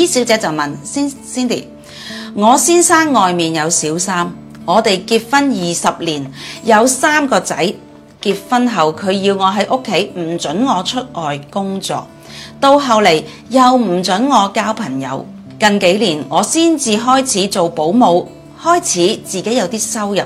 E 小姐就問 Cindy：我先生外面有小三，我哋結婚二十年，有三個仔，結婚後佢要我喺屋企，唔准我出外工作，到後嚟又唔准我交朋友。近幾年我先至開始做保姆，開始自己有啲收入，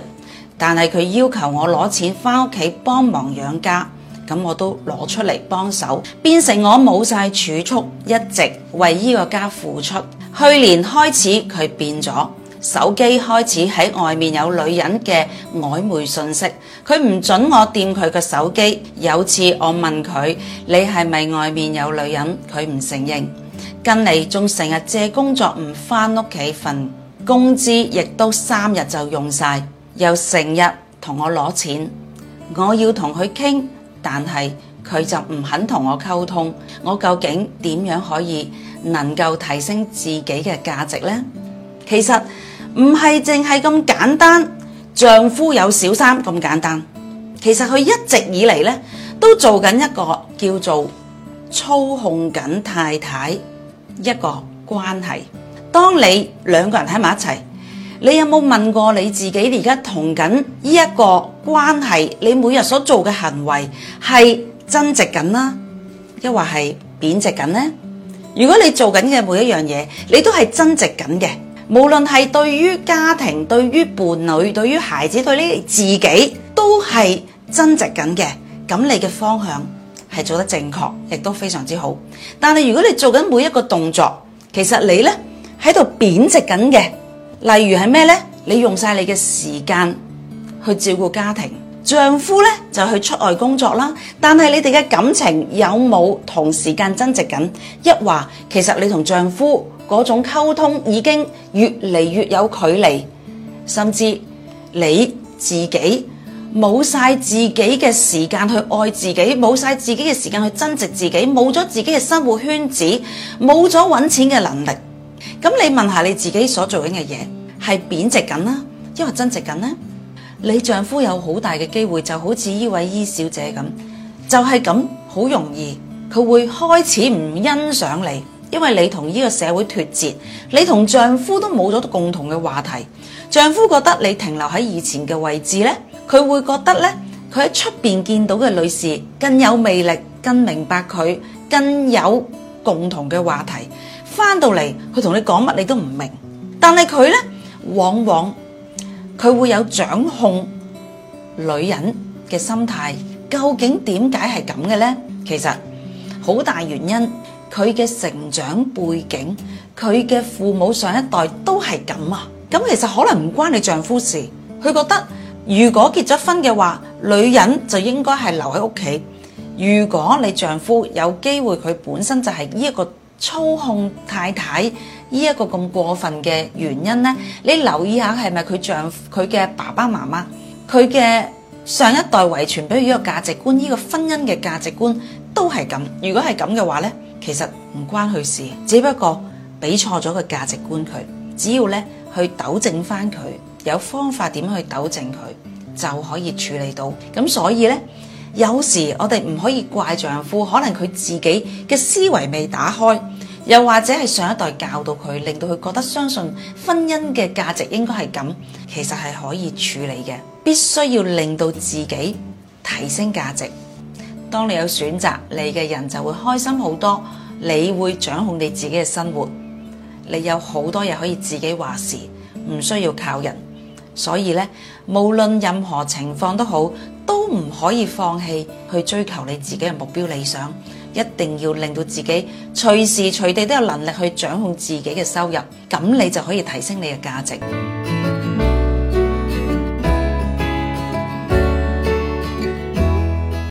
但係佢要求我攞錢返屋企幫忙養家。咁我都攞出嚟幫手，變成我冇晒儲蓄，一直為呢個家付出。去年開始佢變咗手機，開始喺外面有女人嘅曖昧信息。佢唔准我掂佢嘅手機。有次我問佢：你係咪外面有女人？佢唔承認。近嚟仲成日借工作唔翻屋企，份工資亦都三日就用晒，又成日同我攞錢。我要同佢傾。但係佢就唔肯同我溝通，我究竟點樣可以能夠提升自己嘅價值呢？其實唔係淨係咁簡單，丈夫有小三咁簡單。其實佢一直以嚟呢，都做緊一個叫做操控緊太太一個關係。當你兩個人喺埋一齊。你有冇問過你自己？而家同緊呢一個關係，你每日所做嘅行為係增值緊啦，抑或係貶值緊呢？如果你做緊嘅每一樣嘢，你都係增值緊嘅，無論係對於家庭、對於伴侶、對於孩子、對你自己，都係增值緊嘅。咁你嘅方向係做得正確，亦都非常之好。但係如果你做緊每一個動作，其實你呢喺度貶值緊嘅。例如係咩呢？你用晒你嘅時間去照顧家庭，丈夫呢就去出外工作啦。但係你哋嘅感情有冇同時間增值緊？一話其實你同丈夫嗰種溝通已經越嚟越有距離，甚至你自己冇晒自己嘅時間去愛自己，冇晒自己嘅時間去增值自己，冇咗自己嘅生活圈子，冇咗搵錢嘅能力。咁你問下你自己所做緊嘅嘢，係貶值緊啦，抑或增值緊呢？你丈夫有好大嘅機會就好似呢位伊小姐咁，就係咁好容易，佢會開始唔欣賞你，因為你同呢個社會脫節，你同丈夫都冇咗共同嘅話題。丈夫覺得你停留喺以前嘅位置呢，佢會覺得呢，佢喺出邊見到嘅女士更有魅力、更明白佢、更有共同嘅話題。翻到嚟，佢同你講乜你都唔明，但係佢呢，往往佢會有掌控女人嘅心態。究竟點解係咁嘅呢？其實好大原因，佢嘅成長背景，佢嘅父母上一代都係咁啊。咁其實可能唔關你丈夫事。佢覺得如果結咗婚嘅話，女人就應該係留喺屋企。如果你丈夫有機會，佢本身就係呢一個。操控太太呢一個咁過分嘅原因咧，你留意一下係咪佢丈夫、佢嘅爸爸媽媽，佢嘅上一代遺傳俾佢個價值觀，呢、呢個婚姻嘅價值觀都係咁。如果係咁嘅話咧，其實唔關佢事，只不過俾錯咗個價值觀佢。只要咧，去糾正翻佢，有方法點去糾正佢，就可以處理到。咁所以咧。有時我哋唔可以怪丈夫，可能佢自己嘅思維未打開，又或者係上一代教導佢，令到佢覺得相信婚姻嘅價值應該係咁，其實係可以處理嘅。必須要令到自己提升價值。當你有選擇，你嘅人就會開心好多，你會掌控你自己嘅生活，你有好多嘢可以自己話事，唔需要靠人。所以咧，無論任何情況都好。都唔可以放棄去追求你自己嘅目標理想，一定要令到自己隨時隨地都有能力去掌控自己嘅收入，咁你就可以提升你嘅價值。